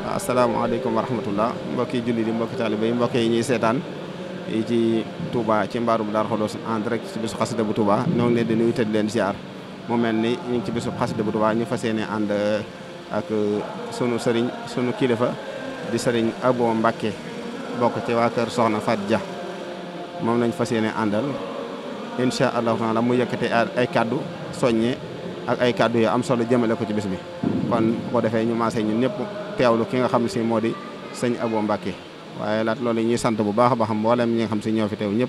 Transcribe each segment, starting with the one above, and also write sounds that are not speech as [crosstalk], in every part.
waaw asalaamaaleykum wa rahmatullah mbokki julli yi mbokki taaliba yi mbokk yi ñuy seetaan yi ci Touba ci mbaarum Darou Khoudoss en direct ci bisu xasida bu Touba ñoo ngi leen di nuyu tëdd leen ziar mu mel ni ñu ngi ci bisu xasida bu Touba ñu fas yéene ànd ak sunu sëriñ sunu kilifa di sëriñ Abo Mbacke bokk ci waa kër Soxna Fat Dia moom nañ fas yéene àndal incha allahu taala mu yëkkate ay kàddu soññe ak ay kaddu yu am solo jëmale ko ci bis bi kon defee ñu maasee ñun ñëpp. teewlu ki nga xam ne si moo di sëñ Abo Mbacke waaye laat loolu ñuy sant bu baax a baax mboolem ñi nga xam si ñoo fi teew ñëpp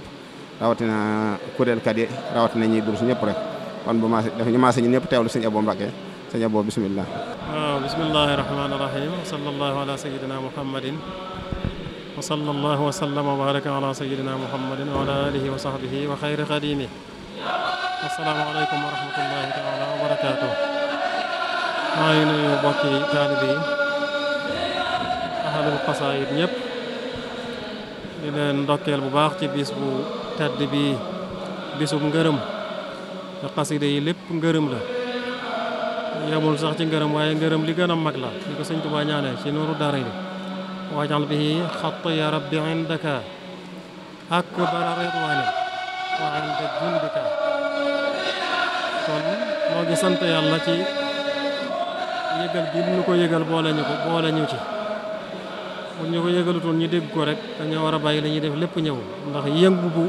rawatina kuréelkat yi rawatina ñiy durus ñëpp rek kon bu maase dafa ñu maase ñun ñëpp teewlu sëñ Abo Mbacke sëñ Abo bisimilah. waaw ah, bisimilahi rahmaani rahiim sallallahu ala sayyidina muhammadin wa sallallahu wa sallam wa baraka ala sayyidina muhammadin wa ala alihi wa sahbihi wa xayri xadimi asalaamaaleykum wa rahmatullahi taala wa barakaatu xamul xasaayit ñëpp di leen ndokkeel bu baax ci bis bu tedd bi bisum ngërëm te xasida yi lépp ngërëm la yemul sax ci ngërëm waaye ngërëm li gën a mag la li ko sëñ Tuubaa ñaanee ci nooru daara yi waajal bi xatt ya rabbi indaka ak bara ridwaani wa inda jundika kon moo ngi sant yàlla ci yëgal bi ko yëgal boole ñu ko boole ñu ci bu ñu ko yëgalutoon ñu dégg ko rek dañoo war a bàyyi la ñuy def lépp ñëw ndax yëngu bu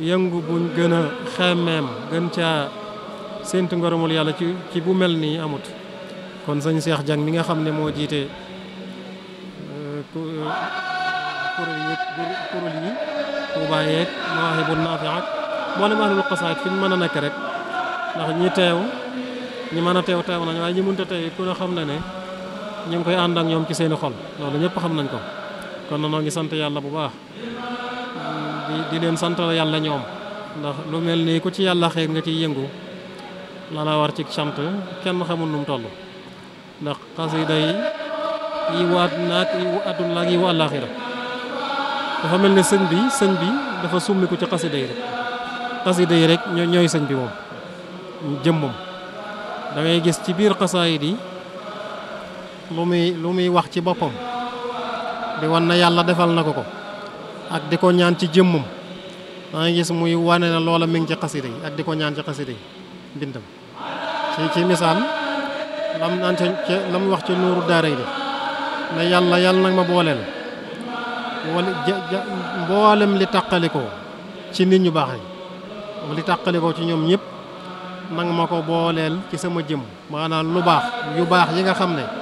yëngu buñ gën a xemmeem gën caa séentu ngërëmul yàlla ci ci bu mel nii amut kon sëñ Cheikh Dieng mi nga xam ne moo jiite euh, euh, kuréel yi kuréel yi Tuubaa yeeg Mawaahibu Naafi ak mboolem ahlul qasaayid fi ñu mën a nekk rek ndax ñi teew ñi mën a teew teew nañ waaye ñi mënut teew ku ne xam na ne ñu ngi koy ànd ak ñoom ci seeni xol loolu ñëpp xam nañ ko kon nag noo ngi sant yàlla bu baax di di leen santal yàlla ñoom ndax lu mel nii ku ci yàlla xëy nga ciy yëngu la la war ci sant kenn xamul nu mu toll ndax xasida yi yi waat naag yi àdduna ak yi wa àllaaxira dafa mel ne sëñ bi sëñ bi dafa summiku ci xasida yi rek xasida yi rek ñooy sëñ bi moom jëmmam da ngay gis ci biir xasaayid yi lu muy lu muy wax ci boppam di wan na yàlla defal na ko ko ak di ko ñaan ci jëmmam maa ngi gis muy wane na loola mi ngi ci xasida yi ak di ko ñaan ci xasida yi mbindam ci ci misaal lam naan ca lam wax ci nuuru daara yi ne yàlla yàlla nag ma booleel wala mboolem li tàqalikoo ci nit ñu baax ñi li tàqalikoo ci ñoom ñëpp nag ma ko booleel ci sama jëmm maanaam lu baax yu baax yi nga xam ne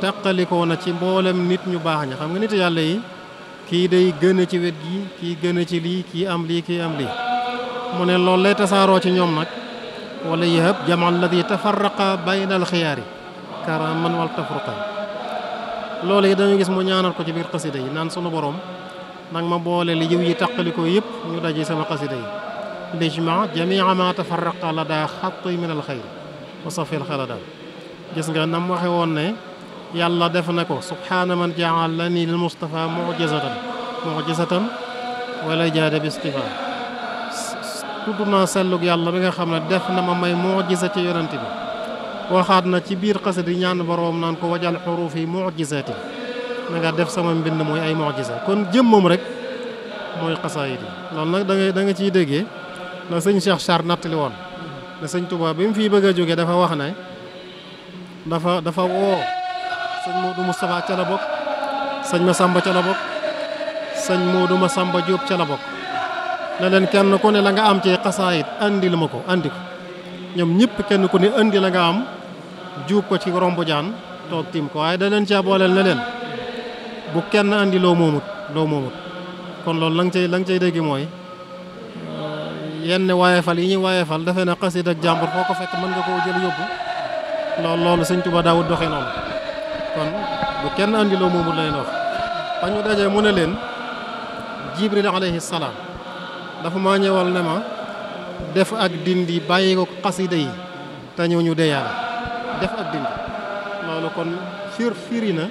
taqalikoo na ci mboolem nit ñu baax ña xam nga nit yàlla yi kii day gën ci wet gi kii gën ci lii kii am lii kii am lii mu ne lool lay tasaaroo ci ñoom nag la yahab jama alladi tafarraqa bayna yi karaman wal tafruqan loolu yi dañu gis mu ñaanal ko ci biir xasida yi naan sunu boroom nag ma boole li yiw yi taqalikoo yëpp ñu daje sama xasida yi lijma jamia ma tafarraqa la daa xattu min alxayri wa safil xala daal gis nga yàlla def na ko subhaana man jaalani lil Mustafa mujizatan mujizatan wala jaada bi istifa tudd naa sellug yàlla bi nga xam ne def na ma may mujiza ci yonent bi waxaat na ci biir xasida yi ñaan boroom naan ko wajal xuruuf yi mujizati na nga def sama mbind mooy ay mujiza kon jëmmam rek mooy xasaayid yi loolu nag da nga da nga ciy déggee na sëñ Cheikh Sarr nattali woon ne sëñ Tuubaa bi fii bëgg a dafa wax ne dafa dafa woo moo Modou Moustapha ca la bokk sëñ Massamba ca la bokk sëñ Modou Massamba Diop ca la bokk ne leen kenn ko ne la nga am ci xasaayit indil ma ko andi ko ñoom ñëpp kenn ku ne andi la nga am juub ko ci rombu jaan toog tiim ko waaye da leen caa booleel ne leen bu kenn andi loo moomut loo moomut kon loolu la nga cay la nga cay dégg mooy euh, yenn waayefal yi ñuy waayefal dafee na xasid ak jàmbur koo ko fekk mën nga koo jël yóbbu loolu loolu sëñ Tuba daawut doxee noonu kon bu kenn andi loo moomul lay wax ba daje mu ne leen jibril alayhi salaam dafa maa ñëwal ne ma def ak dindi bàyyi ko xasida yi te ñëw ñu deyaale def ak dindi loolu kon fiir fiiri na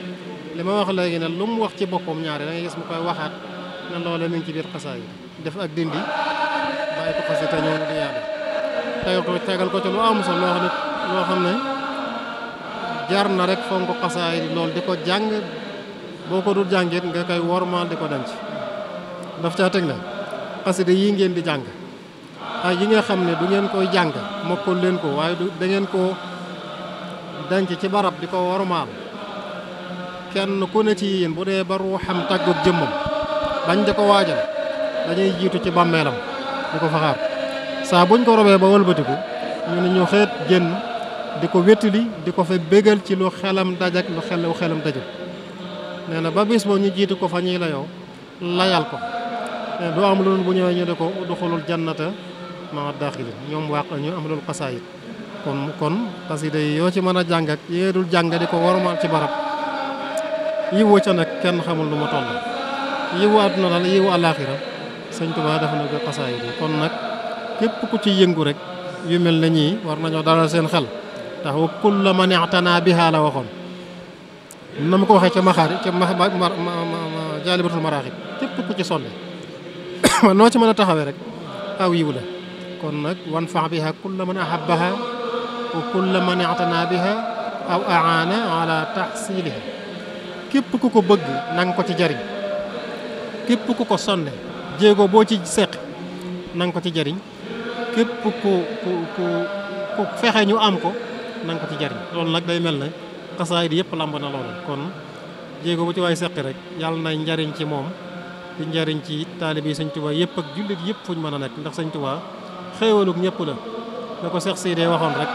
li ma wax léegi ne lu mu wax ci boppam ñaari da ngay gis mu koy waxaat ne loolu mi ngi ci biir xasaa yi def ak dindi bàyyi ko xasida te ñëw ñu deyaale tegal ko tegal ko ci lu am loo xam ne jar na rek fonk xasaayid lool di ko jàng boo ko dul jàngit nga koy wormaal di ko denc daf caa teg na xasida yii ngeen di jàng ay yi nga xam ne du ngeen koy jàng mokkul leen ko waaye du da ngeen koo denc ci barab di ko wormaal kenn ku ne ci yéen bu dee ba ruuxam tàggoog jëmmam bañ di ko waajal dañuy jiitu ci bàmmeelam di ko faxaar saa buñ ko robee ba wëlbatiku ñu ne ñu xeet génn di ko wétali di ko fa bégal ci lu xelam dajak lu xel lu xelam dajul nee na ba bis boo ñu jiitu ko fa ñuy yow layal ko du am loolu bu ñëwee ñu ne ko duxulul jannata ma daaxilin ñoom wax ñu am loolu xasaayit kon kon xasida yi yoo ci mën a jàng ak yee dul jàng di ko wormaal ci barab yiwu ca nag kenn xamul nu mu toll yiwu àdduna daal yiwu àllaaxira sëñ Tuubaa dafa na ko xasaayit yi kon nag képp ku ci yëngu rek yu mel na ñii war nañoo dalal seen xel ndax wa kulla man i'tana biha la waxoon na ma ko waxee ca maxaari ca ma jaalibatul maraaxib képp ku ci sonne [coughs] noo ci mën a taxawee rek aw yiw la kon nag wan fax biha kulla man ahabbaha wa kulla man i'tana biha aw aana ala taxsiliha képp ku ko bëgg na nga ko ci jariñ képp ku ko sonne jéego boo ci seq na ko ci jariñ képp ku ku ku fexe ñu am ko na nga ko ci jariñ loolu nag day mel na xasaay di yëpp lamb na loolu kon jéego bu ci waay seqi rek yàlla nay njariñ ci moom di njariñ ci taalib yi sëñ Tuubaa yëpp ak jullit yëpp fuñ mën a nekk ndax sëñ Tuubaa xéewalug ñëpp la da ko seex si dee waxoon rek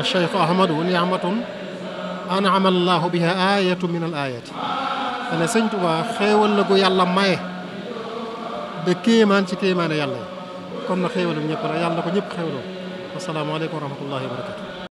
a cheikhu ahmadou niamatun anama allahu biha ayatu min al ayati te ne sëñ la gu yàlla maye de kéemaan ci kéemaane yàlla yi kon na xéewalug ñëpp la yàlla ko ñëpp xéewaloo wasalaamaaleykum wa wa barakatu